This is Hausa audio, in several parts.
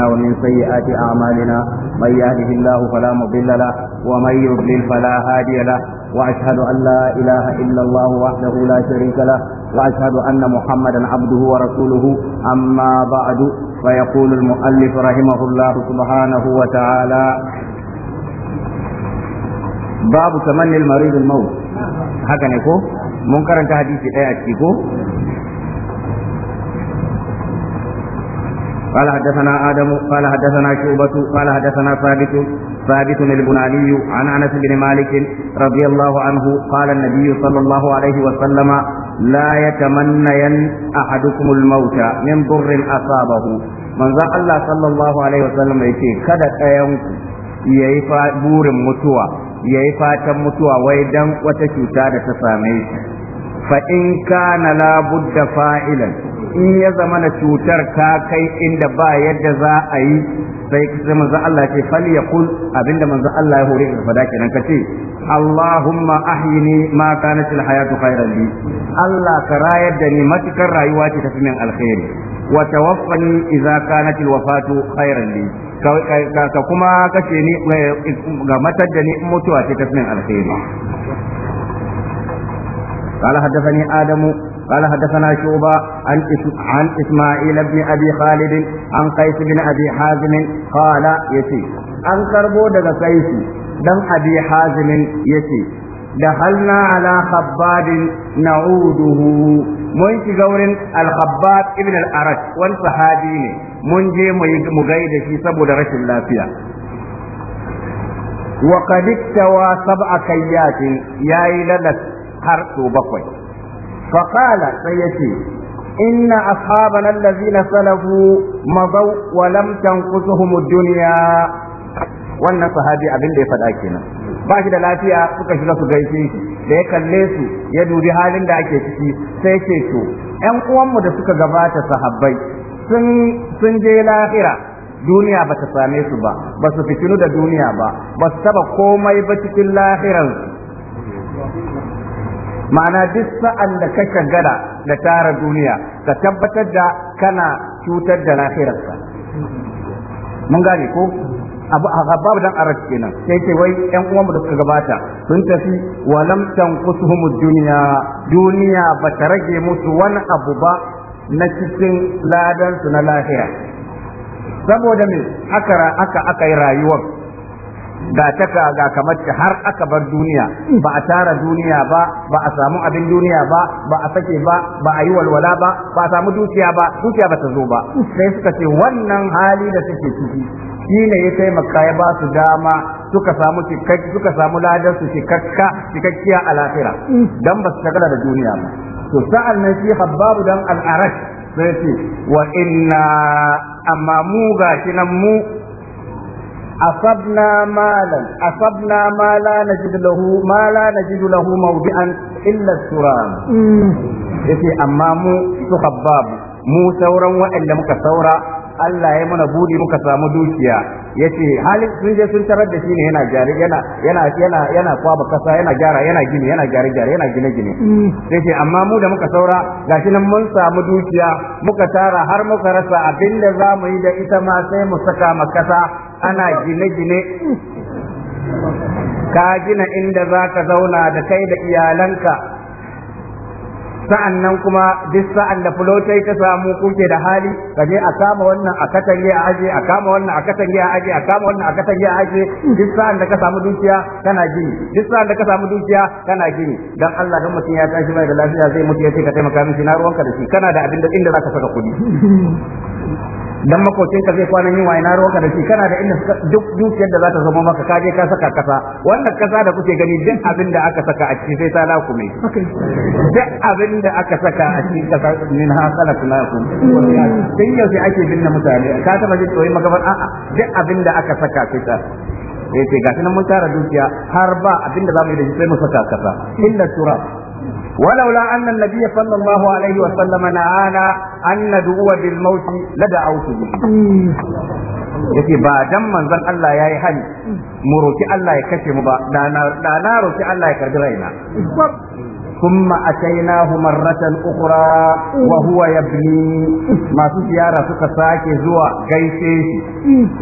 ومن سيئات أعمالنا من يهده الله فلا مضل له ومن يضلل فلا هادي له وأشهد أن لا إله إلا الله وحده لا شريك له وأشهد أن محمدا عبده ورسوله أما بعد فيقول المؤلف رحمه الله سبحانه وتعالى باب تمني المريض الموت هكذا نكو منكر انت حديث ايه اتكو قال حدثنا آدم قال حدثنا شعبة قال حدثنا ثابت ثابت البناني عن أنس بن مالك رضي الله عنه قال النبي صلى الله عليه وسلم لا يتمنين أحدكم الموت من ضر أصابه من ذا الله صلى الله عليه وسلم يقول kada ɗayanku ya yi burin mutuwa ya yi fatan mutuwa wai dan wata cuta da ta same shi fa in kana la budda fa'ilan in ya zama na cutar ka kai inda ba yadda za a yi sai sai manzo Allah ce fal yaqul abinda manzo Allah ya hore ka fada kenan kace Allahumma ahyini ma kanat al hayatu khayran li Allah ka rayar da ni matukar rayuwa ce tafi min alkhairi wa tawaffani idza kanat al wafatu khayran li ka kuma kace ni eh, ga matar da ni mutuwa ce tafi min alkhairi قال حدثني آدم قال حدثنا شعبة عن عن إسماعيل بن أبي خالد عن قيس بن أبي حازم قال يسي عن كربو قيس دم أبي حازم يسي دخلنا على خباب نعوده mun shiga wurin al-khabbab ibn al-arash ne mun je mu gaida shi saboda rashin lafiya wa qad tawa sab'a kayyatin yayi har so bakwai Fakala sai yace inna ashabana allazina salafu mazaw wa lam tanqusuhum ad wannan sahabi abin da ya faɗa kenan ba shi da lafiya suka shiga su gaishe shi da ya kalle su ya dubi halin da ake ciki sai ce to ƴan uwanmu da suka gabata sahabbai sun sun je lahira duniya ba ta same su ba ba su fitinu da duniya ba ba su taba komai ba cikin lahiran ma'ana duk sa'an da ka gada da tara duniya ka tabbatar da kana cutar da lafiyarka mun gane ko abu babu dan arab kenan sai ce wai yan uwan da suka gabata sun tafi wa lam tanqusuhum dunya duniya ba ta rage musu wani abu ba na cikin ladan su na lafiya saboda me haka aka aka yi rayuwar ga taka ga kamar ta har aka bar duniya ba a tara duniya ba ba a samu abin duniya ba ba a sake ba ba a yi walwala ba ba a samu dukiya ba dukiya ba ta zo ba sai suka ce wannan hali da suke ciki ne ya taimaka ya ba su dama suka samu suka samu ladar su cikakka cikakkiya a lafira dan ba su tagala da duniya ba to sa'an nan shi habbabu dan al-arash sai ce wa inna amma mu gashi nan mu أصبنا مالا أصبنا ما لا نجد له ما لا نجد له موضعا إلا السرام yace amma mu su habab mu sauran waɗanda muka saura Allah ya mana budi muka samu dukiya yace halin sun je sun tarar da shi ne yana yana yana yana yana kwaba kasa yana gyara yana gini yana gyara gyara yana gine gine yace mm. amma mu da muka saura gashi nan mun samu dukiya muka tara har muka rasa abin da za mu yi da ita ma sai mu saka ma kasa ana gine gine mm. ka gina inda za ka zauna da kai da iyalanka sa'an nan kuma duk sa'an da fulotai ta samu kuke da hali ka je a kama wannan a katange a aje a kama wannan a katange a aje a kama wannan a katange a aje duk sa'an da ka samu dukiya kana gini duk sa'an da ka samu dukiya kana gini dan Allah dan mutum ya tashi mai da lafiya zai mutu ya ce ka taimaka mishi na ruwanka da shi kana da abin da inda zaka saka kuɗi dan makocin ka zai kwana yin wayna ruwanka da shi kana da inda duk dukiyar da za ta zama maka kaje ka saka kasa wannan kasa da kuke gani duk abin da aka saka a ciki sai ta laku mai duk abin da aka saka a cikin kasa min ha ku sai yau sai ake binne mutane ka taba jin tsoyi a a'a duk abin da aka saka sai ta yace gashi nan mun tara dukiya har ba abin da zamu yi da shi sai mu saka kasa illa tura ولولا أن النبي صلى الله عليه وسلم نعانا an nad'uwa bil maut la da'awtu yace ba dan manzon Allah yayi hali mu roki Allah ya kashe mu ba da na roki Allah ya karbi raina ثم أتيناه مرة أخرى وهو يبني ما سيارة سكساك زوا غيشيش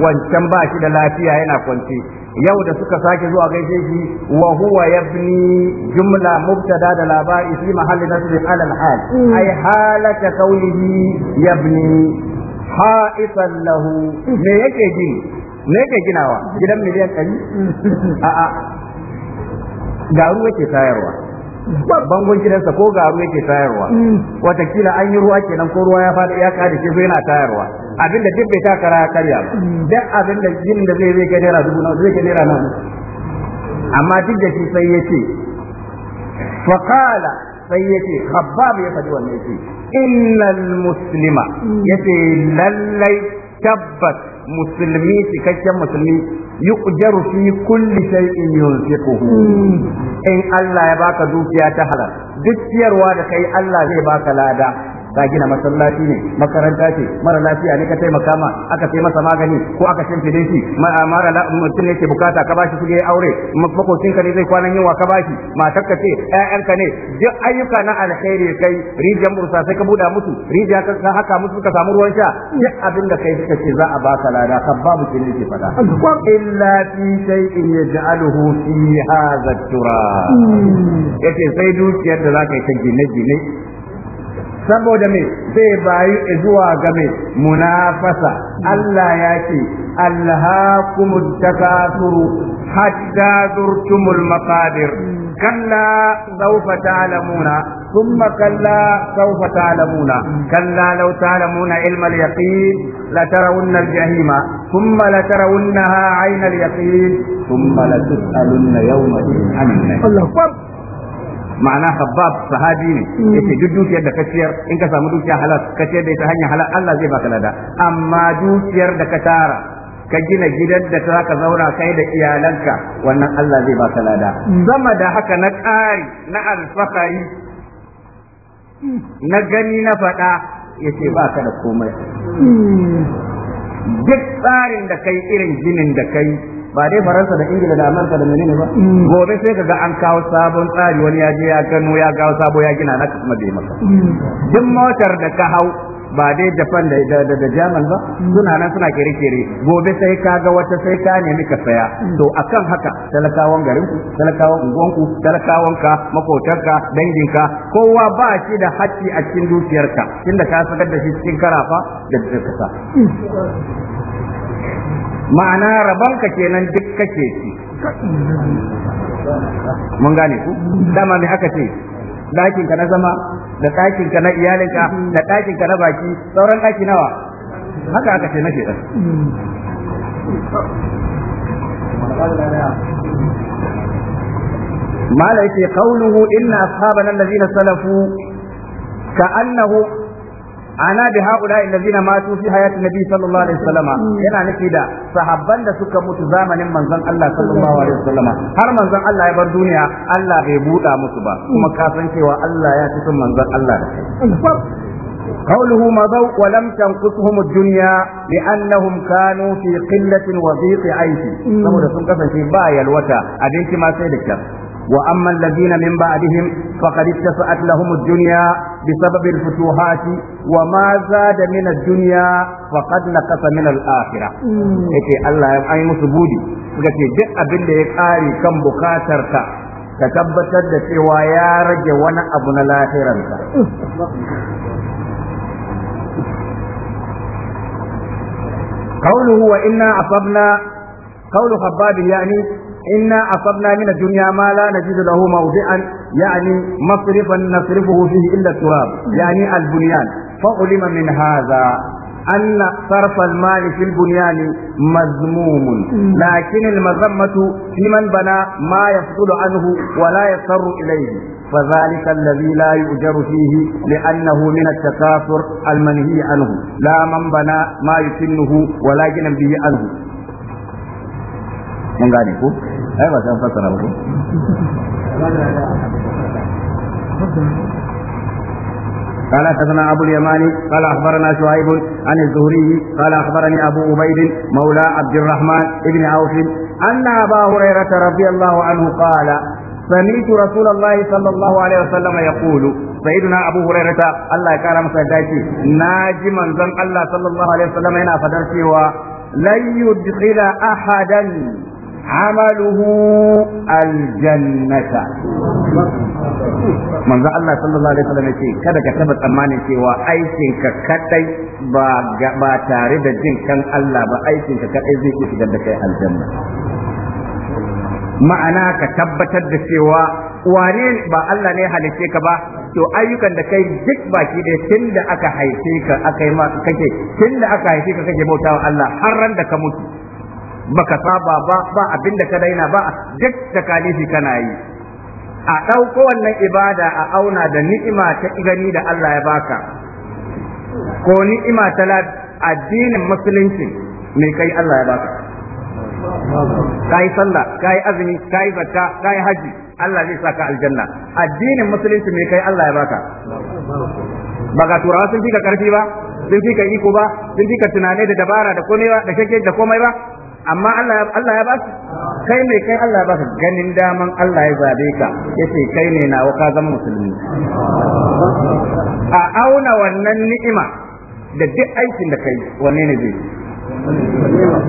وانشان da lafiya yana كونتي yau da suka sake zuwa gaishe shi wa huwa yabni jumla mubtada da labari fi mahalli nasbi ala al-hal ay halaka qawlihi yabni ha'isan lahu me yake gini me yake ginawa gidan miliyan 100 a'a garu yake tayarwa bangon gidansa ko ga ruwa yake tayarwa mm. watakila an yi ruwa kenan ko ruwa ya faɗi ya kada shi yana tayarwa Abinda duk bai ta kara karya ba mm. duk abinda da jinin da zai zai kai naira dubu nawa zai kai naira nawa amma duk da shi sai yace fa qala sai yace khabbab ya faɗi wannan yace innal muslima mm. yace lallai tabbas musulmi cikakken musulmi يؤجر في كل شيء ينفقه إن الله يباك دوكيا تهلا duk ciyarwa da kai Allah zai baka lada ka gina masallaci ne makaranta ce mara lafiya ne ka taimaka ma aka sai masa magani ko aka shimfide shi mara mutum ne bukata ka bashi kuɗi aure makokin ka ne zai kwanan wa ka bashi matar ka ce ƴaƴan ka ne duk ayyuka na alkhairi kai rijiyar bursa sai ka buɗa musu rijiya ka haka musu ka samu ruwan sha duk abin da kai suka ce za a baka lada ka babu kin ne ke fada illa fi shay'in yaj'aluhu fi hadha turab hmm. yace sai dukiyar da zaka yi ta gine-gine saboda me zai bayi zuwa ga me munafasa Allah ya ce alhakumut takasuru hatta zurtumul maqadir kalla sawfa ta'lamuna ثم كلا سوف تعلمون كلا لو تعلمون علم اليقين لترون الجحيم ثم لترونها عين اليقين ثم لتسألن يومئذ عن النعيم ma'ana khabbab sahabi ne hmm. yace duk dukiyar da ka ciyar in ka samu dukiya halal ka ciyar da ita hanyar halal Allah zai baka lada amma dukiyar da ka tara ka gina gidan da za ka zauna kai da iyalanka wannan Allah zai baka lada Zama hmm. da haka na ƙari na alfahari hmm. na gani na faɗa yace baka da komai duk tsarin da kai irin ginin da kai ba dai faransa da ingila da amurka da menene ba gobe sai kaga an kawo sabon tsari wani ya je ya gano ya kawo sabo ya gina naka kuma bai maka duk motar da ka hau ba dai japan da da ba suna nan suna kere kere gobe sai ka ga wata sai ka nemi ka saya to akan haka talakawan garin ku talakawan unguwan talakawan ka makotarka dangin ka kowa ba shi da haƙƙi a cikin dukiyarka tunda ka sakar da shi cikin karafa da ma'ana rabanka kenan duk kake ci mun gane ku dama mai aka ce ɗakinka ka na zama da ɗakinka ka na iyalinka da ɗakinka ka na baki sauran ɗaki nawa haka aka ce na shedan ما ليس قوله إن أصحابنا الذين سلفوا كأنه ana bi haula allazina matu fi hayati nabi sallallahu alaihi wasallam yana nufi da sahabban da suka mutu zamanin manzon Allah sallallahu alaihi wasallam har manzon Allah ya bar duniya Allah bai buɗa musu ba kuma kafin cewa Allah ya fi son manzon Allah da قوله مضوا ولم تنقصهم الدنيا لأنهم كانوا في قلة وضيق عيش saboda sun kasance ba yalwata abinci ma sai da kyau. Wa وأما الذين من بعدهم فقد اتسعت لهم الدنيا بسبب الفتوحات وما زاد من الدنيا فقد نقص من الآخرة إيه الله أي مسبودي gace duk abin da ya kare kan bukatar ka ka tabbatar da cewa ya rage wani abu na lahiranta kauluhu wa inna asabna kaulu habbabi yani إنا أصبنا من الدنيا ما لا نجد له موضعا يعني مصرفا نصرفه فيه إلا التراب يعني البنيان فعلم من هذا أن صرف المال في البنيان مذموم لكن المذمة في من بنى ما يفصل عنه ولا يضطر إليه فذلك الذي لا يؤجر فيه لأنه من التكاثر المنهي عنه لا من بنى ما يسنه ولا جنب به عنه mun gane ko ai ba san fasara ba ko قال حدثنا ابو اليماني قال اخبرنا شعيب عن الزهري قال اخبرني ابو عبيد مولى عبد الرحمن بن عوف ان ابا هريره رضي الله عنه قال سمعت رسول الله صلى الله عليه وسلم يقول abu hurairata Allah ya kara masa dace naji manzon Allah sallallahu alaihi wasallam yana fadar cewa lan yudkhila عمله الجنة manzo Allah sallallahu alaihi yace kada ka taba tsammanin cewa aikin ka ba tare da jin kan Allah ba aikin ka zai iya shigar da kai aljanna ma'ana ka tabbatar da cewa wane ba Allah ne ya halice ka ba to ayyukan da kai duk baki ɗaya tun da aka haife ka kake tun da aka haife ka kake bautawa Allah har ran da ka mutu baka saba ba ba abin da ka daina ba duk kalifi kana yi a ɗauko wannan ibada a auna da ni'ima ta gani da Allah ya baka ko ni'ima ta addinin musulunci me kai Allah ya baka kai sallah kai azumi kai zakka kai haji Allah zai saka aljanna addinin musulunci me kai Allah ya baka baka turawa sun fi ka karfi ba sun fi ka iko ba sun fi ka tunane da dabara da komai da shake da komai ba amma Allah ya ba su kai mai kai Allah ya ba su ganin daman Allah ya zabe ka yace kai ne na ka zama musulmi a auna wannan ni'ima da duk aikin da kai wanne ne zai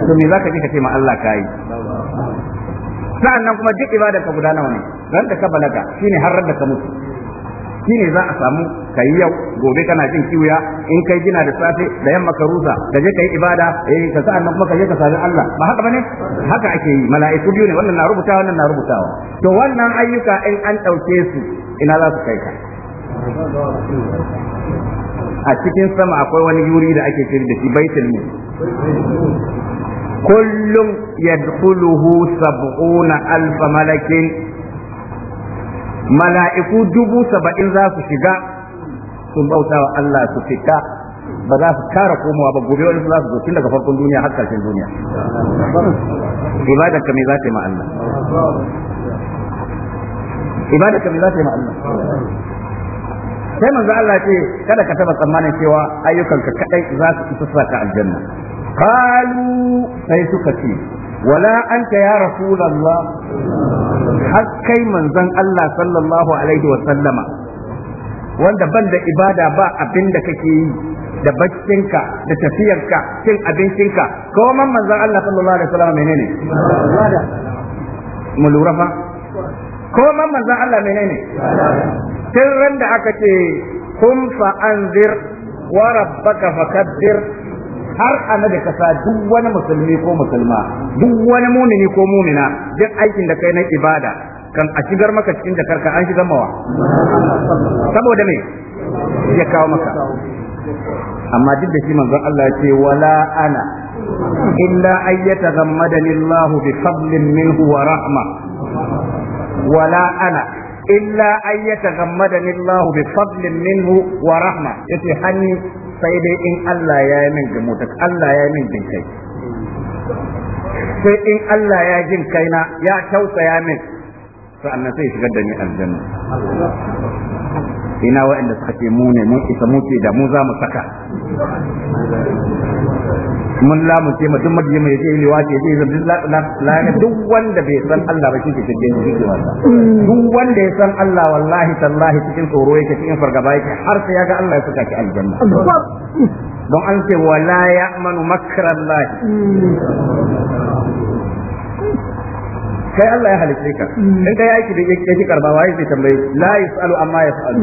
to me zaka ji ka ce ma Allah kai sa'annan kuma duk ibada ka guda nawa ne ran da ka balaga shine har da ka mutu ne za a samu kai yau gobe kana jin kiwuya in kai gina da safe da yamma ka rusa ka je kai ibada eh ka sa nan kuma ka je ka sami Allah ba haka bane haka ake yi mala'iku biyu ne wannan na rubuta wannan na rubutawa to wannan ayyuka in an dauke su ina za su kai ka a cikin sama akwai wani yuri da ake kiri da shi baitul mu kullum yadkhuluhu sab'una alf malakin mala'iku dubu saba'in za su shiga sun bauta wa Allah su fita ba za su kara komawa ba gobe wani za su zo tun daga farkon duniya har karshen duniya Ibada ka me za ta yi ma ibada ibadar za ta yi ma Allah sai manzo Allah ce kada ka taba tsammanin cewa ayyukanka kadai za su isa saka aljanna Kalu sai suka ce wala anta ya rasulullah har kai manzon Allah sallallahu alaihi wa sallama wanda ban da ibada ba abin da kake yi da baccinka da tafiyarka cin abincinka ko man manzon Allah sallallahu alaihi wa sallama menene mu lura fa ko man manzon Allah menene tun ran da aka ce kun fa anzir wa rabbaka fakabbir har da kasa duk wani musulmi ko musulma duk wani mumini ko mumina duk aikin da kai na ibada kan a shigar maka cikin ka an shigar mawa saboda me ya kawo maka amma duk da shi manzon Allah ya ce wala ana illa ayyata zammadani bi fadlin minhu wa rahma wala ana illa ayyata yataghammadani Allah bi fadlin wa rahma yace hannu sai dai in Allah ya yi min gamuta Allah ya yi min jin kai sai in Allah ya jin kaina ya tausaya min sa'annan sai shigar da ni aljanna ina waɗanda suka ce mu ne mun isa muke da mu za mu saka mun lamunce ma duk madiyama ya ce yi liwace la la la lana duk wanda bai san Allah ba shi ke cikin cikin wasa duk wanda ya san Allah wallahi tallahi cikin tsoro yake cikin fargaba yake har sai ya ga Allah ya saka ki aljanna don an ce wala ya'manu Allah kai Allah ya halitta ka in kai aiki da yake karba wai sai tambaye la yasalu amma yasalu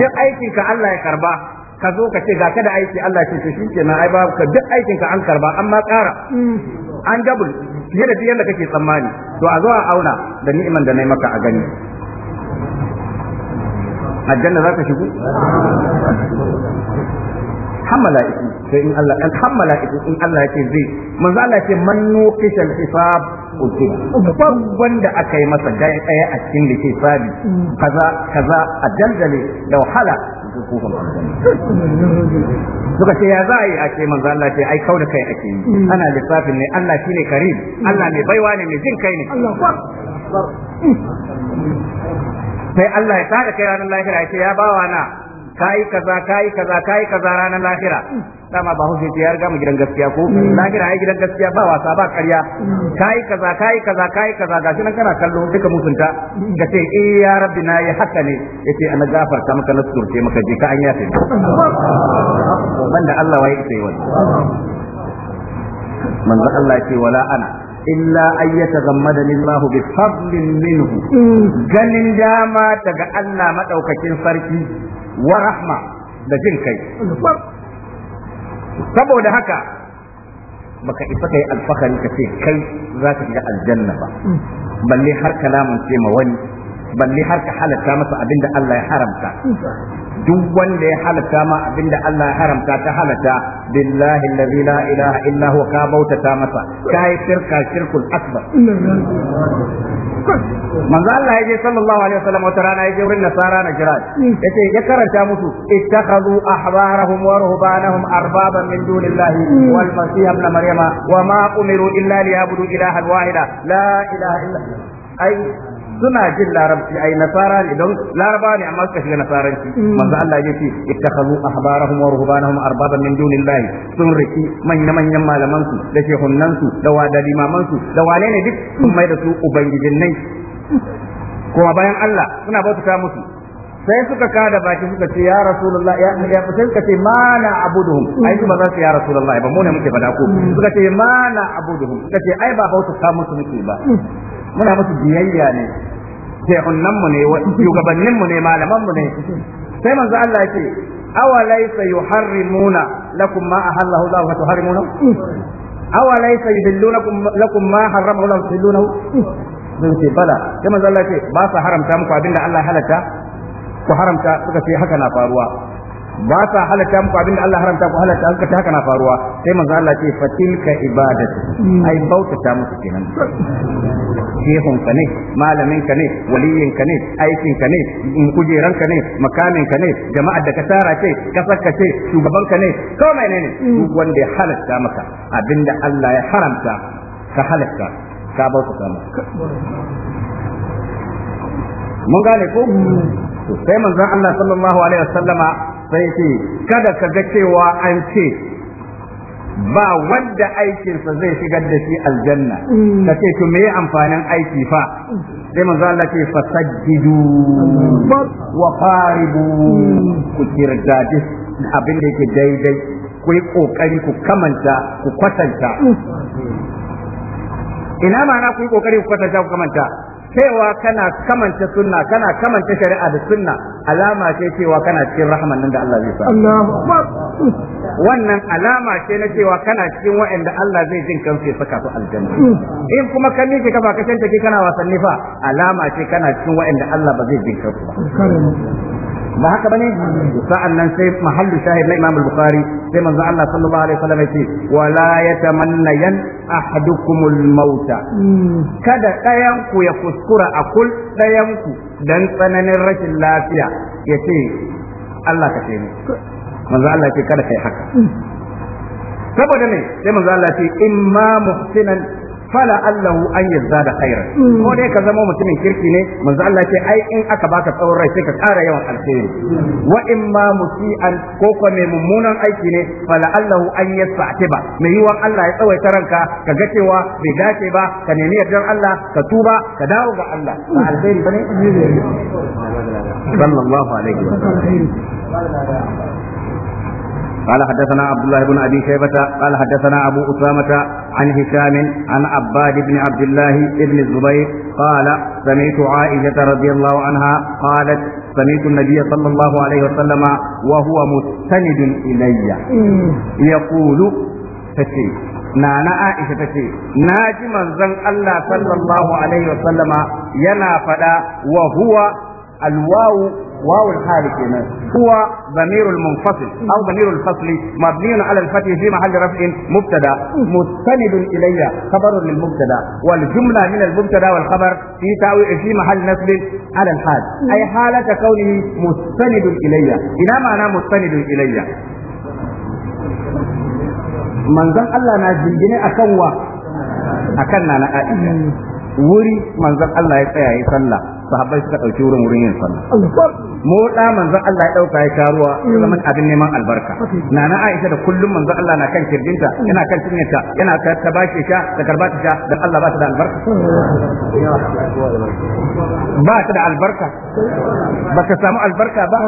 duk hmm. aikin ka Allah ya karba ka zo ka ce ga ka da aiki Allah ce to na, ai ba ka duk aikin ka an karba amma ƙara an double fiye da yadda kake tsammani to a zo a auna da ni'iman da nayi maka a gani aljanna za ka shigo hammala iku sai in Allah an hammala iku in Allah yake zai manzo Allah yake man nuqisha al-hisab ukiba da aka yi masa dai daya a cikin lissafi kaza kaza a dandale da wahala suka ce ya za a yi ake manzo Allah ce ai kau da kai ake yi mm. ana lissafin ne Allah shine karim mm. Allah mai baiwa ne mai jin kai ne sai Allah ya da kai ranar lahira ya ce ya bawa na kai kaza kai kaza kai kaza ranar lahira dama ba hujja ya riga mu gidan gaskiya ko mm. lahira ai gidan gaskiya ba wasa ba ƙarya mm. kai kaza kai kaza kai kaza gashi nan kana kallo duka mutunta ga ce eh ya rabbi na yi haka ne yace ana ka maka na maka je ka anya sai banda Allah wai sai wani manzo Allah yace wala ana illa an yataghammadani Allah bi fadlin minhu mm. ganin dama daga Allah madaukakin sarki wa rahma da jin kai saboda haka baka isa kai alfahari ka ce kai za ka shiga aljanna ba balle har ka ce ma wani balle har ka halatta masa abin da Allah ya haramta duk wanda ya halatta ma abin da Allah ya haramta ta halatta billahi allazi la ilaha illa huwa ka bautata masa kai shirka shirkul akbar manzo Allah ya je sallallahu alaihi wasallam wata rana ya je wurin nasara na jira yace ya karanta musu ittakhadhu ahbarahum wa ruhbanahum arbaban min dunillahi wal masih ibn maryama wa ma umiru illa liyabudu ilahan wahida la ilaha illa ai suna jin larabci ai nasara ne don laraba ne amma suka shiga nasaranci mm. manzo Allah ya ce ittakhadhu ahbarahum wa ruhbanahum arbaban min dunillah sun riki manya manyan malaman su da shehunan su da wada limaman su da wane ne duk sun mai da su ubangijin nai kuma bayan Allah suna bauta musu sai suka kada baki suka ce ya rasulullah ya ya sai suka ce ma na abuduhum ai ba za su ya rasulullah ba mu ne muke fada ko mm. suka ce ma na abuduhum suka ce ai ba bauta musu muke ba mm. muna musu biyayya ne shehunnan mu ne shugabannin mu ne malaman mu ne sai manzo Allah yake awalaysa yuharrimuna lakum ma ahallahu Allah wa tuharrimuna awalaysa yudillunakum lakum ma harrama Allah tudillunahu zai ce bala sai manzo Allah yake ba sa haramta muku abinda Allah halatta ku haramta suka ce haka na faruwa ba sa halatta muku abinda Allah haramta ku halatta haka haka na faruwa sai manzo Allah ce fatilka ibadatu ai ta musu kenan shehun ka ne malamin ka ne waliyin ka ne aikin ka ne kujeran ka ne makamin ka ne jama'ar da ka tara ce kasar ka ce shugaban ka ne ko menene duk wanda ya halatta maka abinda Allah ya haramta ka halatta ka bauta ta maka mun gane ko sai manzo Allah sallallahu alaihi wasallama sai ce kada ka ga cewa an ce ba wanda aikinsa zai shigar da shi aljanna mm. ka ce to me amfanin aiki fa sai manzo Allah ce fasajjidu wa qaribu mm. ku kirdadi abin da yake daidai ku yi kokari ku kamanta ku kwatanta mm. ina ma na ku yi kokari ku kwatanta ku kamanta cewa kana kamanta sunna kana kamanta shari'a da sunna alama ce cewa kana cikin rahman nan da Allah zai sa wannan alama ce na cewa kana cikin wa'anda Allah zai jin sai saka su aljanna hmm. in kuma kan miƙe ka ba ka kana wasanni fa alama ce kana cikin wa'anda Allah ba zai jin kansu ba ba haka bane sa'an nan sai mahallu shahid na Imam al-Bukhari sai manzo Allah sallallahu alaihi wasallam yace wala yatamanna yan ahadukumul mauta hmm. kada ɗayan ku ya kuskura akul ɗayan ku dan tsananin rashin lafiya yace Allah ka taimake manzo Allah yace kada kai haka hmm. saboda me sai manzo Allah ce imma muhsinan fala allahu an yazza da khaira mm. ko dai ka zama mutumin kirki ne manzo Allah ce ai in aka baka tsawon rai sai ka ƙara yawan alheri mm. wa in ma musi'an ko ko mai mummunan aiki ne fala allahu an yasta'tiba mai yiwan Allah ya tsawaita ranka ka ga cewa bai dace ba ka nemi yardan Allah ka tuba ka dawo ga Allah ba alheri bane mm. sallallahu alaihi wa sallam قال حدثنا عبد الله بن ابي شيبه قال حدثنا ابو اسامه عن هشام عن عباد بن عبد الله بن الزبير قال سمعت عائشه رضي الله عنها قالت سمعت النبي صلى الله عليه وسلم وهو مستند الي يقول تشيء nana Aisha ta ce, Na ji manzon Allah sallallahu Alaihi wasallama yana faɗa wa huwa alwawu واو الحال كمان هو ضمير المنفصل او ضمير الفصل مبني على الفتح في محل رفع مبتدا مستند الي خبر للمبتدا والجمله من المبتدا والخبر في تاويل في محل نصب على الحال اي حاله كونه مستند الي الى معنى مستند الي manzon Allah na jingine akan wa akan nana Aisha wuri manzon Allah ya tsaya ya sallah sahabbai suka dauki wurin wurin yin sallah mu da manzon Allah ya dauka ya karuwa zaman abin neman albarka nana Aisha da kullum manzon Allah na kan kirjinta yana kan cinyarta yana ta bashi sha da karbata ta sha dan Allah ba ta da albarka ba ta da albarka ba ka samu albarka ba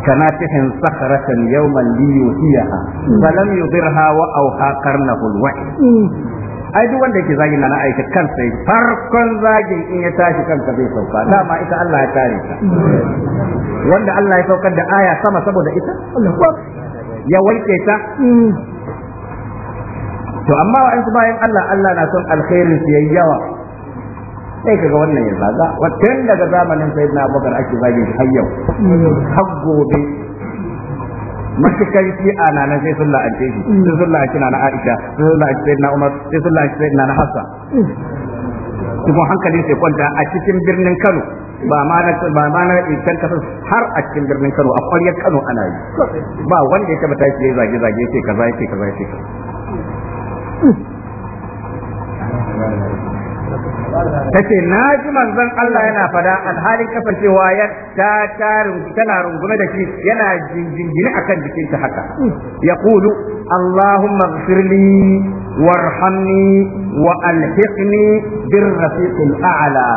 كناتح صخرة يوما ليوهيها فلم يضرها وأوهى قرنه الوعي ai duk wanda yake zagin na aika kansa farkon zagin in ya tashi kansa bai sauka dama ita Allah ya kare ta wanda Allah ya saukar da aya sama saboda ita ya wanke ta to amma in bayan Allah Allah na son alkhairin su yayi yawa sai kaga wannan ya zaga watan daga zamanin sayyidina Abubakar ake zagin har yau har gobe matukar shi a na nan sai sun la'ance shi mm. sai sun la'ance na Aisha sai sun la'ance sayyidina Umar sai sun la'ance sayyidina Hassan cikin mm. hankalin sai kwanta a cikin birnin Kano ba ma na ba ma na ikan kasa har a cikin birnin Kano a ƙwaryar Kano ana yi ba wanda ya taba tashi yayi zage zage sai kaza sai kaza sai kaza tace na ji manzon Allah yana fada alhalin kasancewa ya ta tarin tana rungume da shi yana jinjingine akan jikinta haka yaqulu allahumma ighfirli warhamni wa alhiqni birrafiqil a'la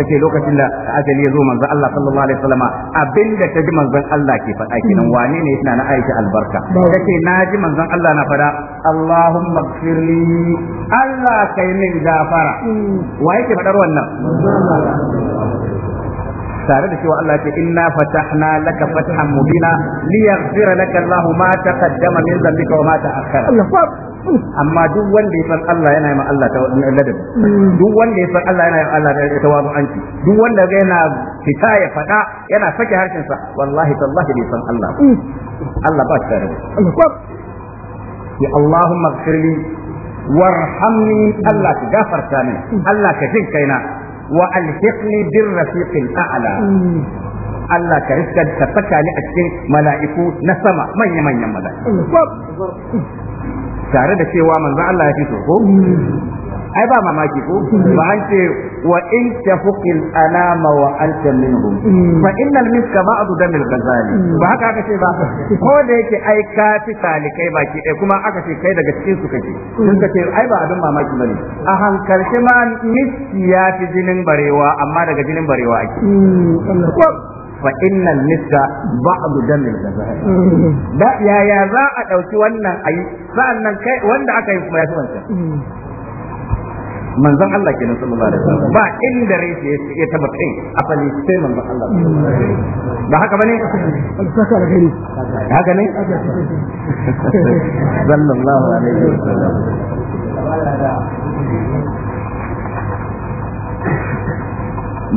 ce lokacin da azali ya zo manzon Allah sallallahu alaihi wasallam abinda ta ji manzon Allah ke faɗa kenan wane ne yana na Aisha albarka take na ji manzon Allah na faɗa Allahumma ighfirli Allah kai min gafara wa yake faɗar wannan tare da cewa Allah ce inna fatahna laka fathan mubina liyaghfira laka Allahu ma taqaddama min dhanbika wa ma ta'akhkhara amma duk wanda ya san Allah yana yi ma Allah ta duk wanda ya san Allah yana yi Allah ta tawadu anki, duk wanda ga yana fita ya fada yana sake harshen sa wallahi tallahi bai san Allah Allah ba shi ya Allahumma ighfirli warhamni Allah ka gafarta min Allah ka jin kaina wa alhiqni bir rafiqil a'la Allah ka riskar ka saka ni a cikin mala'iku na sama manya-manyan mala'iku tare da cewa manzon Allah ya fito ko ai ba mamaki ko ba an ce wa in tafuqil anama wa anta minhum fa innal miska ba'du damil ghazali ba haka aka ce ba ko da yake ai ka fi salikai baki ɗaya kuma aka ce kai daga cikin su kake sun ka ce ai ba abin mamaki bane a hankalce ma miski ya fi jinin barewa amma daga jinin barewa ake hmm, fa innal nisa ba'du damil jazaa da ya ya za a dauki wannan ayi sa'annan kai wanda aka yi kuma ya tsanta manzon Allah kenan sallallahu alaihi wasallam ba inda rashi ya ya taba kai asali sai manzon Allah ba haka bane saka da gani haka ne sallallahu alaihi wasallam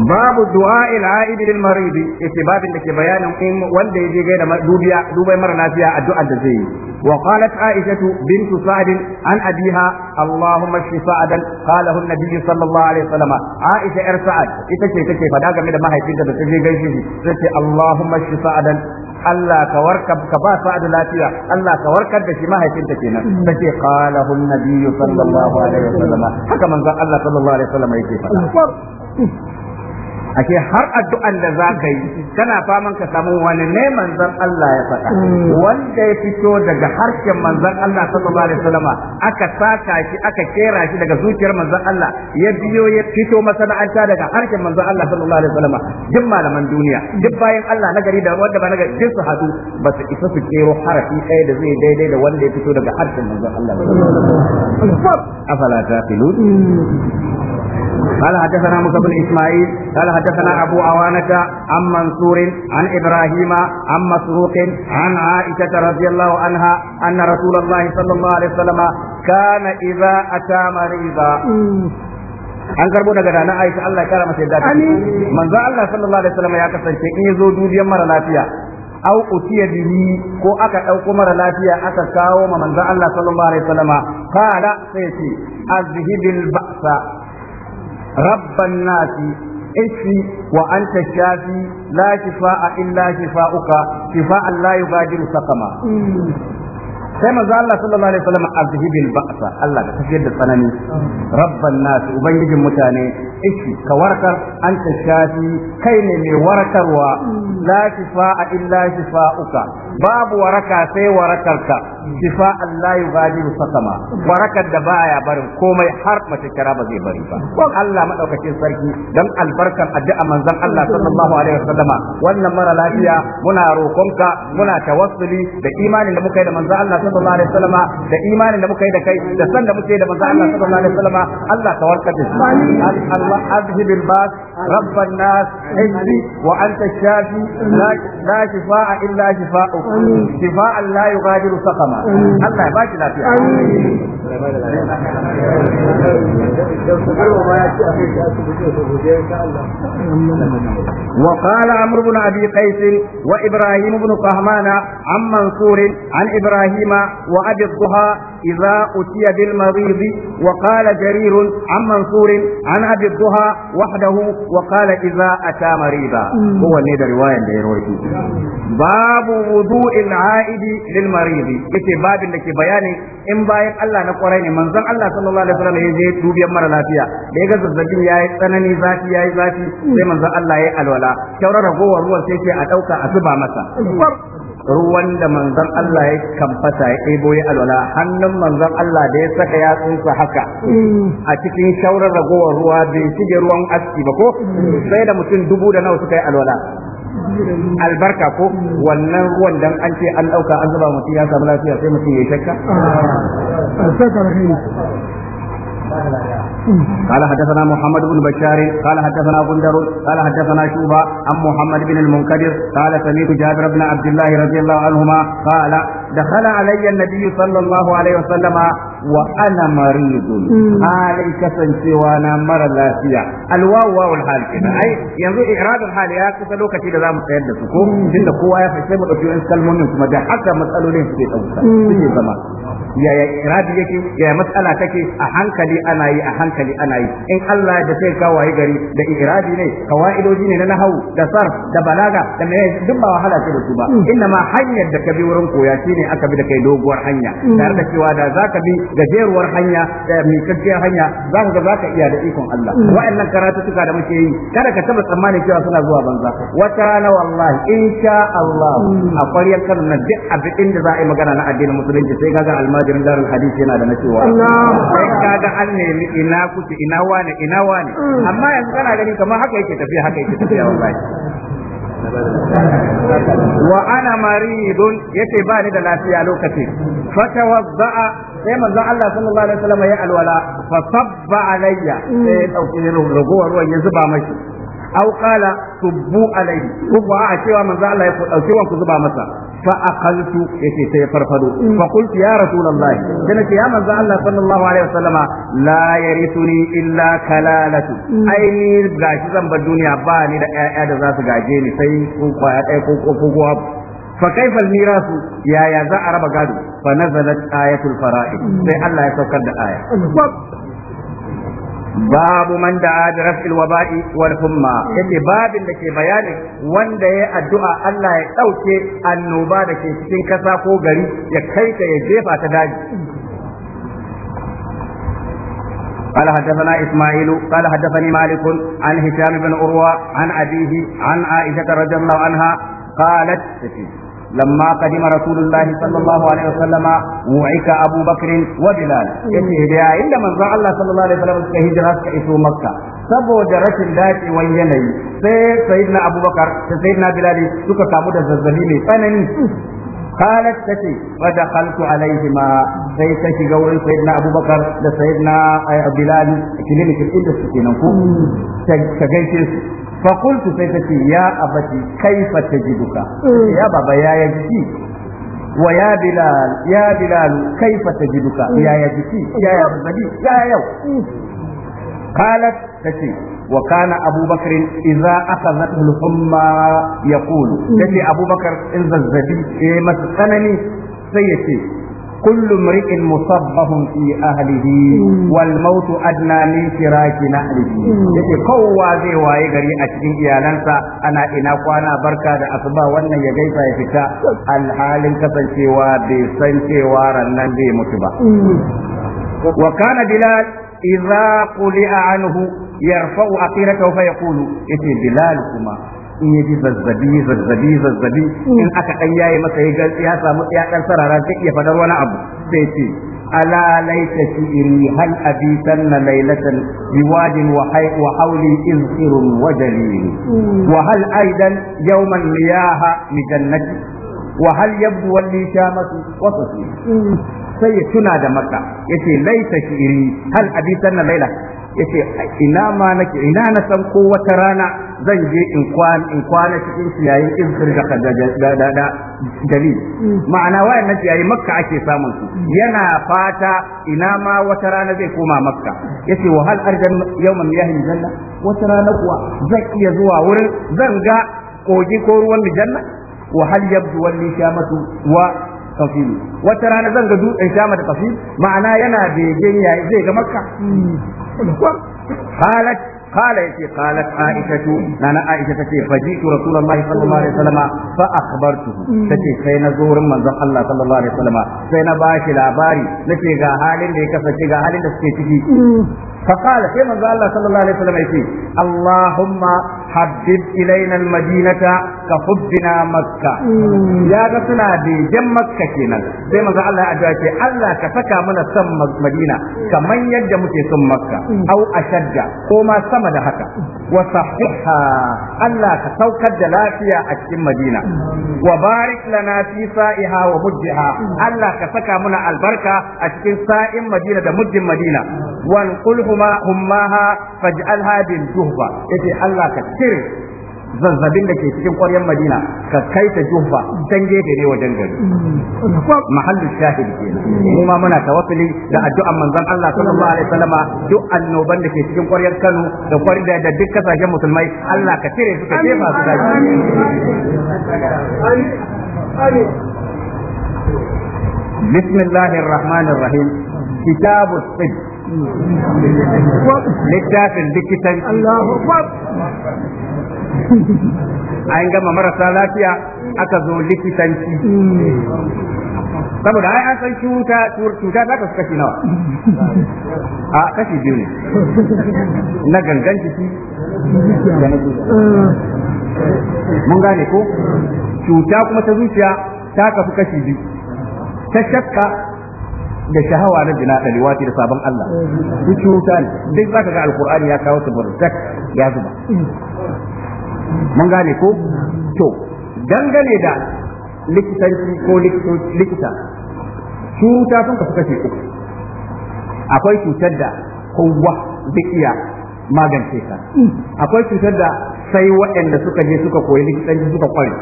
babu du'a il aid lil marid yake babin da ke bayanin in wanda yaje ga da dubiya dubai mara lafiya addu'a da zai yi wa qalat aishatu bint sa'd an abiha allahumma shfi sa'dan qalahu an-nabi sallallahu alaihi wasallam aisha yar sa'ad ita ce take fada game da mahaifinta da take gaishe shi sai allahumma shfi sa'dan Allah ka warka ka ba sa'ad lafiya Allah ka warkar da shi mahaifinta kenan take qalahu an-nabi sallallahu alaihi wasallam haka manzon Allah sallallahu alaihi wasallam yake fada ake har addu'an da za ka yi kana faman ka samu wani ne manzan Allah ya faɗa hmm. wanda ya fito daga harshen manzan Allah sallallahu alaihi wasallama aka saka shi aka kera shi daga zuciyar manzan Allah ya biyo ya fito masana'anta daga harshen manzan Allah sallallahu alaihi wasallama duk malaman duniya duk bayan Allah na gari da wanda ba na gari duk su hadu ba su isa su kero harafi ɗaya da zai daidai da wanda ya fito daga harshen manzan Allah hmm. afala taqilun hmm. قال حدثنا موسى بن اسماعيل قال حدثنا ابو عوانة عن منصور عن ابراهيم عن مسروق عن عائشة رضي الله عنها ان رسول الله صلى الله عليه وسلم كان اذا اتى مريضا an karbo daga dana Aisha Allah ya kara masa yadda ta manzo Allah sallallahu alaihi wasallam ya kasance in yazo dubiyan mara lafiya au utiya bihi ko aka dauko mara lafiya aka kawo ma manzo Allah sallallahu alaihi wasallam qala sai azhibil ba'sa rabban nasi اشفي وانت الشافي لا شفاء الا شفاؤك شفاء لا يغادر سقما sai manzo Allah sallallahu alaihi wasallam azhibil ba'sa Allah ka tafiyar da tsanani rabban nas ubangijin mutane ishi ka warkar anta shafi kai ne mai warkarwa la shifa'a illa shifa'uka babu waraka sai warakarka shifa Allah ya yubadiru sakama barakar da baya barin komai har mace kira ba zai bari ba ko Allah madaukakin sarki dan albarkar addu'a manzon Allah sallallahu alaihi wasallama wannan mara lafiya muna roƙonka muna tawassuli da imanin da muka yi da manzon Allah sallallahu alaihi wasallama da imanin da muka yi da kai da san da muke da manzon Allah sallallahu alaihi wasallama Allah ka warkar da shi Allah azhib al-bas رب الناس عزي وأنت الشافي لا شفاء إلا شفاءك شفاء لا يغادر سقما Allah ya ba ki lafiya وقال عمرو بن ابي قيس وابراهيم بن قهمان عن منصور عن ابراهيم وابي الضحى اذا اتي بالمريض وقال جرير عن منصور عن ابي الضحى وحده وقال اذا اتى مريضا هو نيد روايه باب وضوء العائد للمريض ce babin da ke bayani in bayan Allah na kwarai ne manzon Allah sallallahu alaihi wasallam ya je dubiyan mara lafiya da ya ga zazzabin yayi tsanani zafi yayi zafi sai manzon Allah ya alwala kyaurar ragowar ruwan sai ce a dauka a zuba masa ruwan da manzon Allah ya kamfata ya ebo ya alwala hannun manzon Allah da ya saka yatsunsa haka a cikin shaurar ragowar ruwa bai shige ruwan aski ba ko sai da mutum dubu da nawa suka yi alwala albarka ko wannan ruwan dan an ce an dauka an zuba mutum ya samu lafiya sai mutum ya shakka قال حدثنا محمد بن بشار قال حدثنا غندر قال حدثنا شوبة عن محمد بن المنكدر قال سمعت جابر بن عبد الله رضي الله عنهما قال دخل علي النبي صلى الله عليه وسلم وانا مريض حال كسن وانا مر لا الواو واو الحال كده اي ينظر اعراض الحال يا كنت لو كتي ده زام سيد سكون جند كو اي في سيد في انسلمون انتما ده حتى مسألولين في الأوسط ya ya iradi yake yaya matsala kake a hankali ana yi a hankali ana in Allah da sai ka gari da iradi ne kawaidoji ne na nahawu da Sar, da balaga da mai duk ba wahala da su ba inna ma hanyar da ka bi wurin koyace. ne aka bi da kai doguwar hanya mm. tare da cewa da zaka bi gajeruwar hanya da eh, hanya zaka ga zaka iya da ikon Allah mm. wa'annan karatutuka da muke yi kada ka taba tsammani cewa suna zuwa banza wata rana wallahi insha Allah mm. a ƙwaryar kan na duk abin da za a yi magana na addinin musulunci sai ga almajirin darul hadisi yana da na cewa sai ga an nemi ina kuce ina wane ina wane amma yanzu kana gani kamar haka yake tafiya haka yake tafiya wallahi wa ana maridun yace ba ni da lafiya lokaci fatawadda'a sai manzo Allah sallallahu alaihi wasallam ya alwala fa sabba alayya sai ya dauki ragowar ruwan ya zuba mashi aw qala tubbu alayhi ko ba a cewa manzo Allah ya dauke ruwan zuba masa fa aqaltu yace sai ya farfado fa qultu ya rasulullahi sai nace ya manzo Allah sallallahu alaihi wasallama la yarithuni illa kalalatu ai ni gashi zan bar duniya ba ni da 'ya'ya da za su gaje ni sai ko ko ko ko فكيف الميراث يا يا ذا عرب قالوا فنزلت آية الفرائض زي الله يسوكر آية babu man da adraf il waba'i wal humma yace babin da ke bayani wanda ya addu'a Allah ya ɗauke annoba da ke cikin ƙasa ko gari ya kai ta ya jefa ta daji قال حدثنا اسماعيل قال حدثني مالك عن هشام بن عروه عن ابيه عن عائشه رضي الله عنها قالت لما قدم رسول الله صلى الله عليه وسلم وعك أبو بكر وبلال إذا عند من الله صلى الله عليه وسلم كهجرة كإسو مكة saboda rashin dacewan yanayi sai sayyidina abubakar da sayyidina bilali suka kamu da zazzabi mai tsanani قالت تتي فدخلت عليهما sai ta shiga wurin sayyidina abubakar da sayyidina bilal kilin kilin da suke gaishe su fakultu sai ta ce ya abati kaifa tajiduka ya baba ya ya wa ya bilal ya bilal kaifa tajiduka ya ya ya ya nabi ya yau qalat tace wa kana abubakar idza akhadhathu al-humma yaqulu tace abubakar in zazzabi eh tsanani sai yace كل امرئ مصبه في أهله والموت أدنى من فراش نهله يجي قوة زي واي غري أشكين إيالانسا أنا إنا قوانا بركة دا أصبا وانا يجيسا يفتا الحال كسن شوا بسن شوا رنن دي متبا وكان بلال إذا قلع عنه يرفع أقيرته فيقول يتي بلال كما in ya zazzabi zazzabi zazzabi mm. in aka dan yayi masa ya ga ya samu ya dan sarara sai ya fadar wani abu sai ce ala laita shi'ri hal abitanna laylatan biwadin wa hay wa hawli izhirun wa jalil mm. wa hal aidan yawman miyaha mi jannati wa hal yabdu wal shamatu wasfi mm. sai ya tuna da maka yace laita iri hal abitanna laylatan yace ina ma nake ina na san ko wata rana zan je in kwana in kwana cikin ciyayin in da da da da dalil ma'ana wayannan ciyayi makka ake samun su yana fata ina ma wata rana zai koma makka yace wa hal arjan yawman yahin janna wata rana kuwa zan iya zuwa wurin zan ga kogi ko ruwan janna wa hal yabdu walli shamatu wa kafin wata rana zan ga dutsen shama da kafin ma'ana yana begen yayi zai ga makka قالت قال يتي قالت عائشة أنا عائشة تتي فجئت رسول الله صلى الله عليه وسلم فأخبرته تتي سينا زور من ذا الله صلى الله عليه وسلم سينا باشي لاباري نتي غا حالين دي كفتي غا حالين دسكي تجي فقال سينا ذا الله صلى الله عليه وسلم يتي اللهم حبب إلينا المدينة ka hubbina makka hmm. ya ga suna begen makka kenan sai manzo Allah ya addu'a ce Allah ka saka mana san madina kamar yadda muke son makka hmm. au ashadda ko ma sama da haka wa sahihha Allah ka saukar da lafiya a cikin madina hmm. wa barik lana fi sa'iha wa mujjiha Allah ka saka mana albarka a cikin sa'in madina da mujjin madina wal qulhuma hummaha faj'alha bil juhba yace Allah ka cire zazzabin da ke cikin ƙwaryar Madina ka kai ta Jufa dan gefe wajen gari mahallin shahid ke mu ma muna tawassuli da addu'an manzon Allah sallallahu alaihi wasallama duk annoban da ke cikin ƙwaryar Kano da ƙwaryar da duk kasashen musulmai Allah ka cire su ka jefa su بسم الله الرحمن الرحيم كتاب الطب littafin likitan yin gama marasa lafiya aka zo likitanci saboda ai an san cuta cuta ta ka kashi nawa a kashi biyu ne na gangan jiki da na mun gane ko cuta kuma ta zuciya ta kafi kashi biyu ta shakka da shahawa na jina da liwati da sabon Allah duk cuta ne duk zaka ga alqur'ani ya kawo su zak ya zuba mun gane ko to dangane da likitanci ko likita cuta sun kasu kashe uku akwai cutar da kowa zai iya magance ka akwai cutar da sai waɗanda suka je suka koyi likitanci suka kware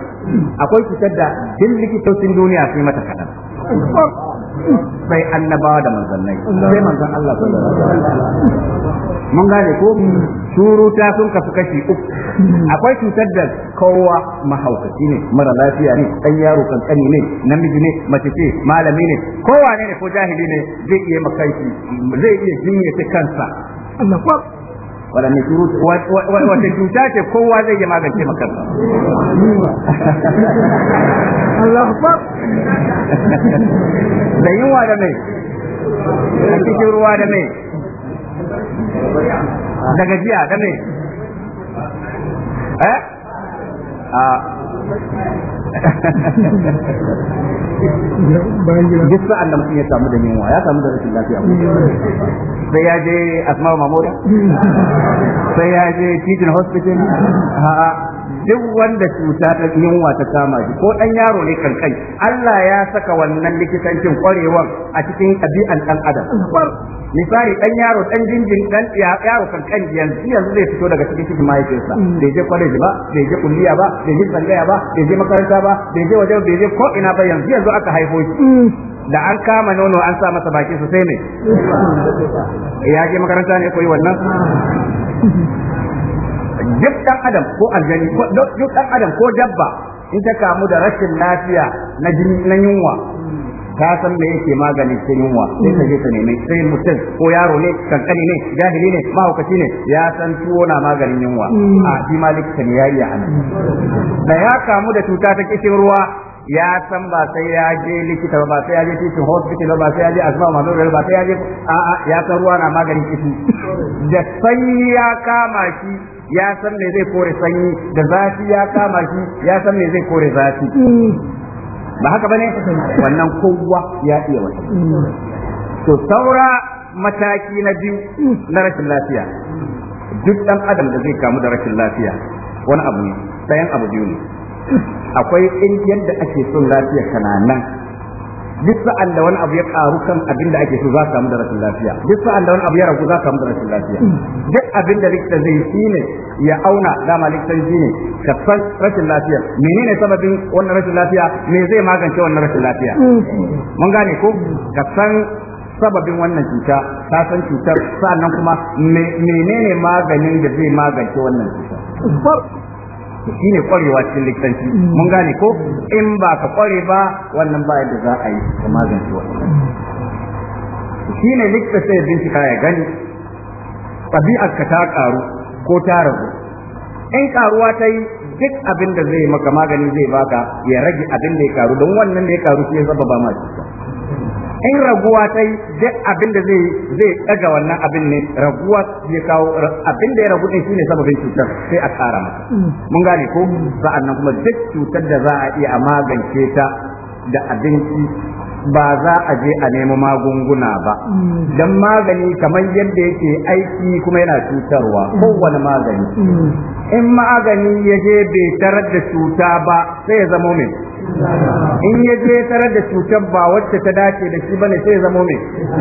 akwai cutar da duk likitocin duniya sai mata kaɗan sai annabawa da manzannai sai manzan Allah mun gane ko suruta sun kasu kashi uku akwai cutar da kowa mahaukaci ne mara lafiya ne dan yaro kankani ne namiji ne mace ce malami ne kowa ne ko jahili ne zai iya makaiki zai iya ta kansa Allah waɗanne shuruti wata cuta ce kowa zai yi magance maka Allah akbar da yunwa da mai da cikin ruwa da mai da gajiya da mai eh ah. duk sa'an da ya samu da yunwa ya samu da rashin lafiya sai ya je asma mamoriya sai ya je titin hospital duk wanda cuta ta yunwa ta kama shi ko dan yaro ne kankan Allah ya saka wannan likitancin kwarewan a cikin ɗabi'an dan adam misali dan yaro dan jinjin dan yaro kankan yanzu yanzu zai fito daga cikin cikin mahaifinsa bai je college ba bai je kulliya ba bai je tsangaya ba bai je makaranta ba bai je wajen bai je ko ina ba yanzu yanzu aka haifo shi da an kama nono an sa masa baki sosai ne ya je makaranta ne koyi wannan duk dan adam ko aljani ko duk dan adam ko dabba in ta kamu da rashin lafiya na jini na yunwa ka san me yake magani sai yunwa sai ka je ka nemi sai mutum ko yaro ne kankani ne jahili ne mahaukaci ne ya san tuwo na maganin yunwa mm. a shi ma ne ya yi a da ya kamu da cuta ta kishin ruwa ya san ba sai ya je likita ba sai ya je titin hospital ba sai ya je asma ma dole ba sai ya je a a ya san ruwa na maganin kishi da sanyi ya kama shi ya san me zai kore sanyi da zafi ya kama shi ya san me zai kore zafi ba haka bane wannan kowa ya iya wata to saura mataki na biyu na rashin lafiya duk dan adam da zai kamu da rashin lafiya wani abu ne sayan abu biyu ne akwai in yadda ake son lafiya kananan duk sa'an da wani abu ya karu kan abin da ake so za samu da rashin lafiya duk sa'an da wani abu ya ragu za samu da rashin lafiya duk abin da likita zai yi ne ya auna dama likitan shi ne ka san rashin lafiya menene sababin wannan rashin lafiya me zai magance wannan rashin lafiya mun gane ko ka san sababin wannan cuta ka san cutar sannan kuma menene maganin da zai magance wannan cuta shine kwarewa cikin likitanci mun gane ko in ba ka kware ba wannan ba yadda za a yi ka magance wannan shine likita sai bincika ya gani tabi'ar ka ta karu ko ta ragu in karuwa ta yi duk abin da zai maka magani zai baka ya rage abin da ya karu don wannan da ya karu shi ya ba ma cuta in raguwa ta yi duk abin da zai zai daga wannan abin ne raguwa ya kawo abin da ya ragu din shine sababin cutar sai a tsara masa mun gane ko sa'annan kuma duk cutar da za a iya a magance ta da abinci ba za a je a nemi magunguna ba dan magani kamar yadda yake aiki kuma yana cutarwa kowane magani mm. in magani ya je bai tarar da cuta ba sai ya zama mai in ya je tarar da cutar ba wacce ta dace da shi bane sai zamo mai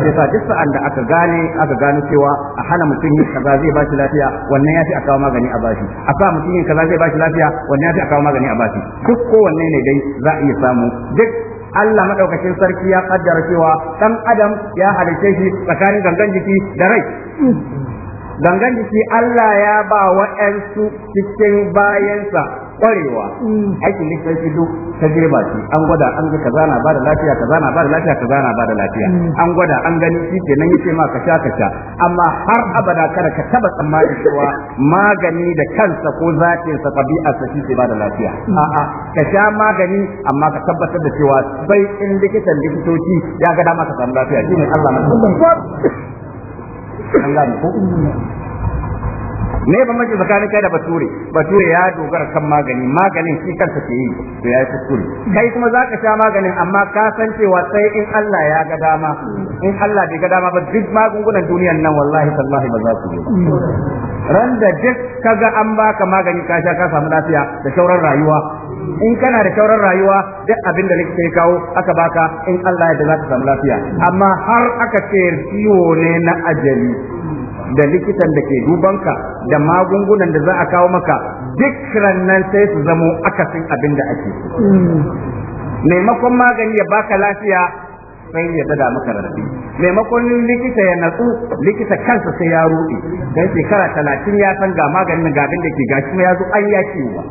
yasa duk sa'an da aka gane aka gano cewa a hana mutum yin kaza zai ba shi lafiya wannan ya fi a kawo magani a bashi a sa mutum yin kaza zai ba shi lafiya wannan ya fi a kawo magani a bashi duk kowanne ne dai za a iya samu duk Allah madaukakin sarki ya kaddara cewa dan adam ya halice shi tsakanin gangan jiki da rai gangan jiki Allah ya ba wa'ansu cikin bayansa kwarewa mm. aikin likitanci duk tajriba shi an gwada an ga kaza na bada lafiya kaza na bada lafiya kaza na bada lafiya mm. an gwada an gani shi nan yace ma ka sha ka sha amma har abada kada ka taba tsammani cewa magani da kansa ko zatin sa tabi'a sa shi ke bada lafiya mm. a'a ka sha magani amma ka tabbatar da cewa sai in likitan likitoci ya ga dama ka samu lafiya shine Allah na an gane ko ba mace tsakanin kai da bature bature ya dogara kan magani maganin shi kansa ke yi to ya yi kuskure kai kuma zaka sha maganin amma ka san cewa sai in Allah ya ga dama in Allah bai ga dama ba duk magungunan duniyan nan wallahi sallahi ba za su yi ran da duk kaga an baka magani ka sha ka samu lafiya da sauran rayuwa in kana da shauran rayuwa duk abin da nake ya kawo aka baka in Allah ya da za ka samu lafiya amma har aka ce ciwo ne na ajali da likitan da ke dubanka da magungunan da za a kawo maka dukkan nan sai su zamo akasin abin da ake hmm. maimakon magani ya baka lafiya sai ya dada maka rabi. maimakon likita ya natsu likita kansa sai ya ruɗe dan shekara talatin ya san ga maganin gabin da ke gashi ya zo an ya ciwa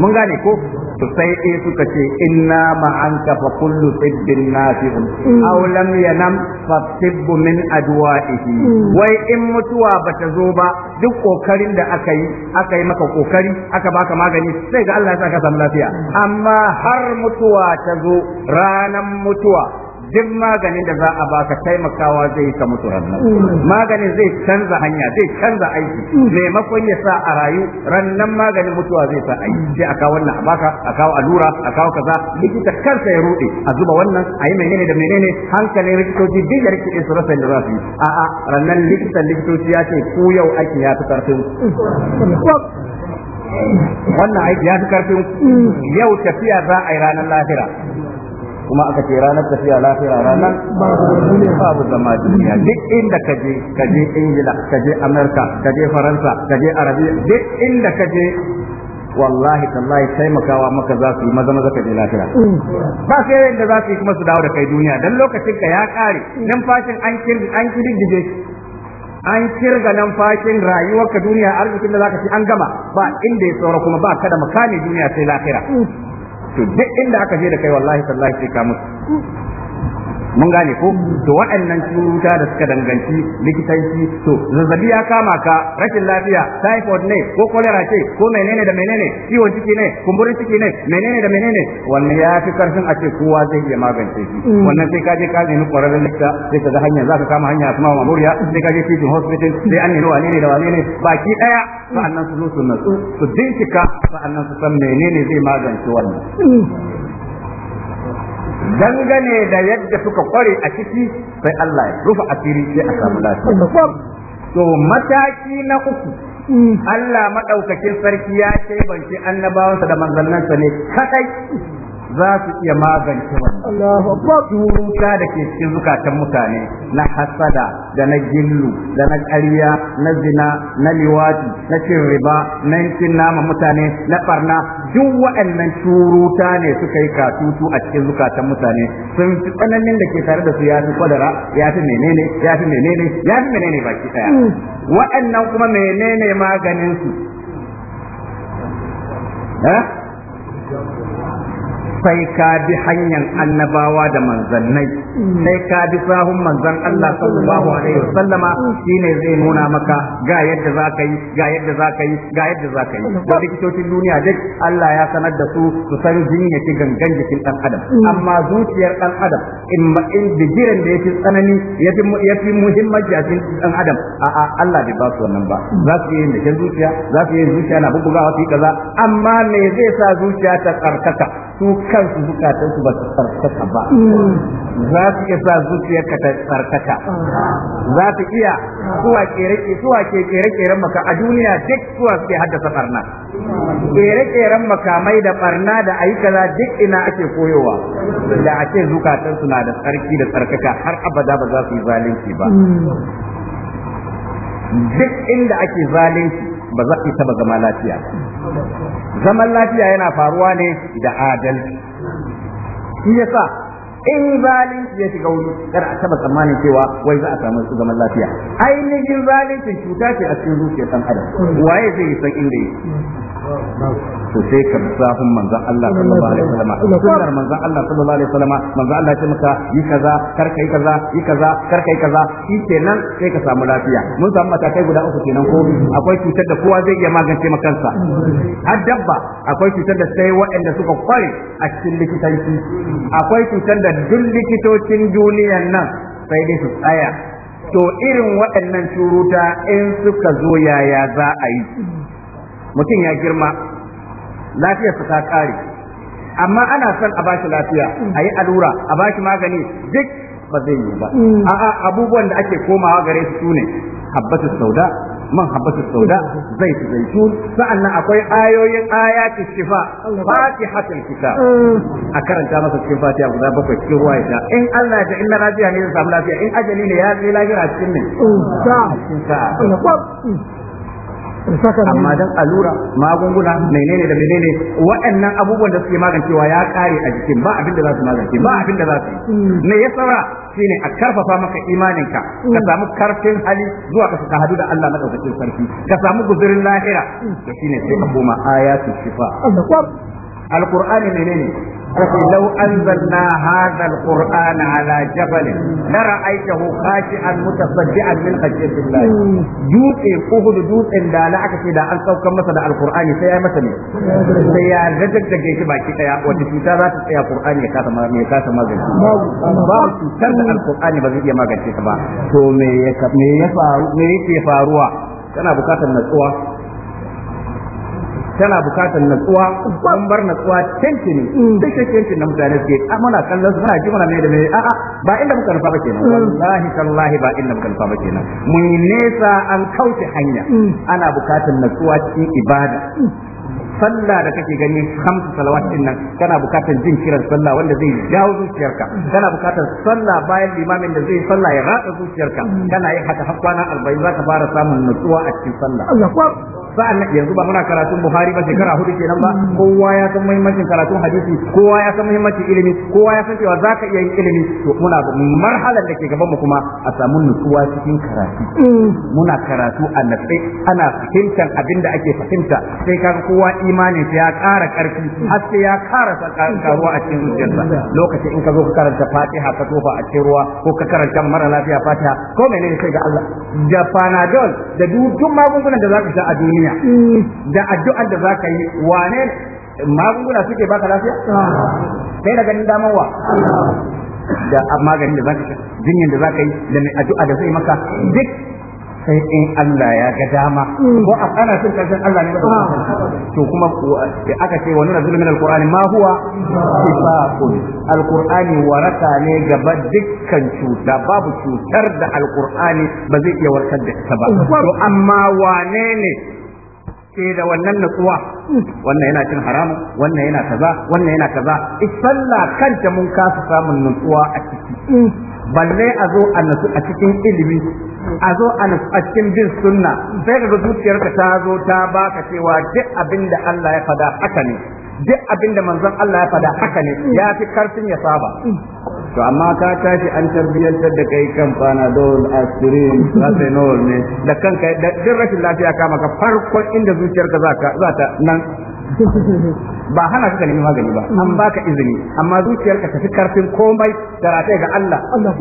mun gane ko to sai eh suka ce inna ma anka fa kullu tibbin nafi'un aw lam yanam fa tibbu min adwa'ihi wai in mutuwa bata zo ba duk kokarin da aka yi aka yi maka kokari aka baka magani sai ga Allah ya saka samu lafiya amma har mutuwa ta zo ranan mutuwa duk maganin da za a baka taimakawa zai ka mutu rannan maganin zai canza hanya zai canza aiki maimakon ya sa a rayu rannan maganin mutuwa zai sa aiki sai a kawo wannan a baka a kawo allura a kawo kaza likita kansa ya rude a zuba wannan a yi menene da menene hankalin likitoci duk da rikice su rasa da za su yi a'a rannan likitan likitoci ya ce ku yau aiki ya fi karfin wannan aiki ya fi karfin yau tafiya za a yi ranar lahira kuma aka ce ranar tafiya lafiya ranar babu zama duniya duk inda ka je ka je ingila ka je amerika ka je faransa ka je arabiya duk inda ka je wallahi tallahi taimakawa maka za su yi maza maza ka je lafiya ba sai yadda za su yi kuma su dawo da kai duniya dan lokacin ka ya kare numfashin an kirgi an kirgije an kirga numfashin rayuwarka duniya arzikin da za ka ci an gama ba inda ya saura kuma ba ka da makami duniya sai lafiya to duk inda aka je da kai wallahi sallahi sai ka mutu mun gane ko to waɗannan cuta da suka danganci likitanci to zazzabi ya kama ka rashin lafiya typhoid ne ko cholera ce ko menene da menene ciwon ciki ne kumburin ciki ne menene da menene wannan ya fi karfin a ce kowa zai iya magance shi mm. wannan sai ka je ka nemi kwararren likita sai ka ga hanya za ka kama hanya kuma mamuriya sai ka je cikin hospital sai an nemi wani ne da wani ne baki daya sa'annan su zo su natsu su bincika sa'annan su san menene zai magance wannan mm. dangane da yadda suka kware a ciki sai Allah ya rufa asiri sai a samu lafiya to mataki na uku Allah madaukakin sarki ya ce banci annabawansa da manzannansa ne kadai za su iya magance wannan ta da ke cikin zukatan mutane na hasada da na gillu da na ƙarya na zina na liwati na cin riba na yankin nama mutane na barna duk waɗannan turuta ne suka yi katutu a cikin zukatan mutane sun fi tsananin da ke tare da su ya fi kwadara ya fi menene ya fi menene ya fi menene baki ɗaya mm. waɗannan kuma menene maganin su eh? sai ka bi hanyar annabawa da manzannai sai ka bi sahun manzan Allah sallallahu alaihi wasallama shine zai nuna maka ga yadda za ka yi ga yadda za ka yi ga yadda za ka yi da likitocin duniya duk Allah ya sanar da su su san jinyaki gangan jikin dan adam amma zuciyar dan adam in ma in bijiran da yake tsanani yafi muhimmanci a cikin dan adam a'a Allah bai ba su wannan ba za su yi da zuciya za su yi zuciya na bugu ga yi kaza amma me zai sa zuciya ta tsarkaka su kansu su ba su tsarkaka ba za su iya sa zuciyarka ta tsarkaka za su iya suwa kere suwa ke kere keren maka a duniya duk suwa suke haddasa barna kere keren makamai da barna da ayi kaza duk ina ake koyowa da ake zukatan suna da tsarki da tsarkaka har abada ba za su yi zalunci ba duk inda ake zalunci ba za su taba zama lafiya zaman lafiya yana faruwa ne da adalci shi yasa in zalunci ya shiga wuri kar a taba tsammanin cewa wai za a samu su zaman lafiya ainihin zalunci cuta ce a cikin zuciyar dan adam waye zai yi san inda yake to sai ka sahun manzon Allah sallallahu alaihi wasallam sunnar manzan Allah sallallahu alaihi wasallam manzan Allah ya maka yi kaza kar kai kaza yi kaza kar kai kaza shi kenan sai ka samu lafiya mun samu matakai guda uku kenan ko akwai cutar da kowa zai iya magance maka kansa har dabba akwai cutar da sai waɗanda suka kware a cikin likitanci akwai cutar da duk likitocin duniyan nan sai dai su tsaya to irin waɗannan turuta in suka zo yaya za a yi mutum ya girma lafiyarsa ta ƙare amma ana son a bashi lafiya a yi al'ura, a bashi magani duk ba zai yi ba mm. a'a abubuwan da ake komawa gare su ne habbatu sauda man habbatu sauda zai zait zaitun nan akwai ayoyin ayati shifa fatihatul kita a karanta masa cikin fatiha guda bakwai cikin ruwa ya in Allah ya inna rajiya ne zai samu lafiya in ajali ne ya zai lafiya cikin ne amma dan allura magunguna menene da menene waɗannan abubuwan da suke magancewa ya kare a jikin ba abin da za su magance ba abin da za su ne mm. ya saura shine a karfafa maka imanin ka mm. samu karfin hali zuwa ka ka hadu da Allah na madaukakin sarki ka samu guzurin lahira da mm. shine sai ka koma ayatu shifa alqur'ani menene لو أنزلنا هذا القرآن على جبل لرأيته خاشعا متصدعا من خشية الله جوت أهد جوت إن لا لعك إذا أن سوك مثلا القرآن سيا مثلا سيا رجل تجيش باكي سيا وتشوتا ذات سيا قرآن يكاس ما يكاس ما زي بعض تنسى القرآن بزي ما قد تسبع تو مي يفاروا kana bukatar natsuwa tana bukatar natsuwa an bar natsuwa tanki ne mm. duk shakkiyancin na mutane suke a ah, muna kallon su muna ji muna mai da mai a'a ba inda muka nufa ba kenan mm. wallahi tallahi ba inda muka nufa ba kenan mun nesa an kauce hanya mm. ana bukatar natsuwa cikin ibada sallah da kake gani hamsu salawat din nan kana bukatar jin kiran sallah wanda zai jawo zuciyarka kana bukatar sallah bayan limamin da zai sallah ya ratsa zuciyarka kana yin haka har kwana 40 zaka fara samun nutsuwa a cikin sallah sa'an nan yanzu ba muna karatun Buhari ba shekara hudu kenan ba kowa ya san muhimmancin karatun hadisi kowa ya san muhimmancin ilimi kowa ya san cewa zaka iya yin ilimi to muna marhalar da ke gaban mu kuma a samu nutsuwa cikin karatu mm. muna karatu a natsi ana fahimtar abin da ake fahimta sai kaga kowa sai ya ƙara ƙarfi har sai ya ƙara karuwa a cikin zuciyarsa lokacin in ka zo ka karanta fatiha ka tofa a cikin ruwa ko ka karanta mara lafiya fatiha ko menene sai ga Allah da panadol da dukkan magungunan da zaka sha a duniya da addu'ar da zaka yi wane magunguna suke baka lafiya sai da ganin ah, damarwa da maganin da zaka sha jinyar da zaka yi da mai addu'a da zai maka duk sai in Allah ya ga dama mm. ko a ana cin karshen Allah ne da ah. to kuma eh, aka ce wani nazil min alqur'ani ma huwa shifa'un alqur'ani waraka ne gaba dukkan cuta babu cutar da alqur'ani ba zai iya warkar da ita ba to amma wane ne ke da wannan nutsuwa, wannan yana cin haramun wannan yana kaza wannan yana kaza sallah kanta mun kasa samun nutsuwa a ciki balle a zo a nutsu a cikin ilimi a zo a natsu a cikin bin sunna sai daga zuciyarka ta zo ta baka cewa duk abinda Allah ya fada haka ne duk abinda da manzon Allah ya fada haka ne ya fi karfin ya saba to amma ka tashi an tarbiyyantar da kai kan panadol aspirin rasenol ne da kanka da duk rashin lafiya ka maka farkon inda zuciyarka za ka za ta nan ba hana ka nemi magani ba an baka izini amma zuciyarka tafi karfin komai da ga Allah Allah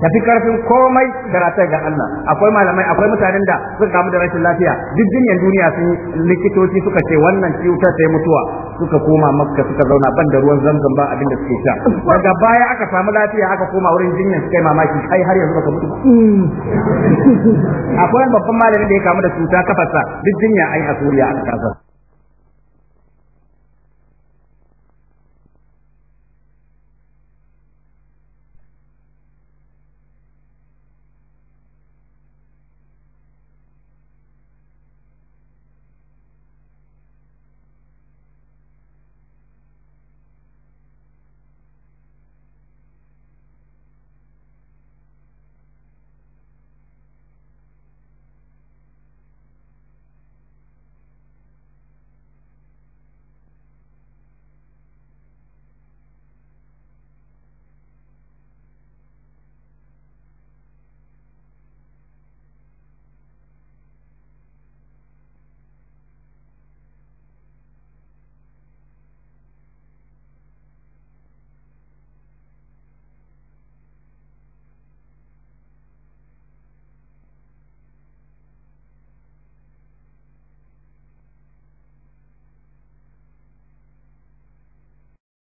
tafi karfin komai da ratar ga Allah akwai malamai akwai mutanen da suka kamu da rashin lafiya duk jinyar duniya sun likitoci suka ce wannan ciwuta sai mutuwa suka koma makka suka zauna ban da ruwan zamzam ba abin da suke sha daga baya aka samu lafiya aka koma wurin jinyar suka yi mamaki ai har yanzu baka mutu akwai babban malamin da ya kamu da cuta kafarsa duk jinya ai a Suriya aka kasa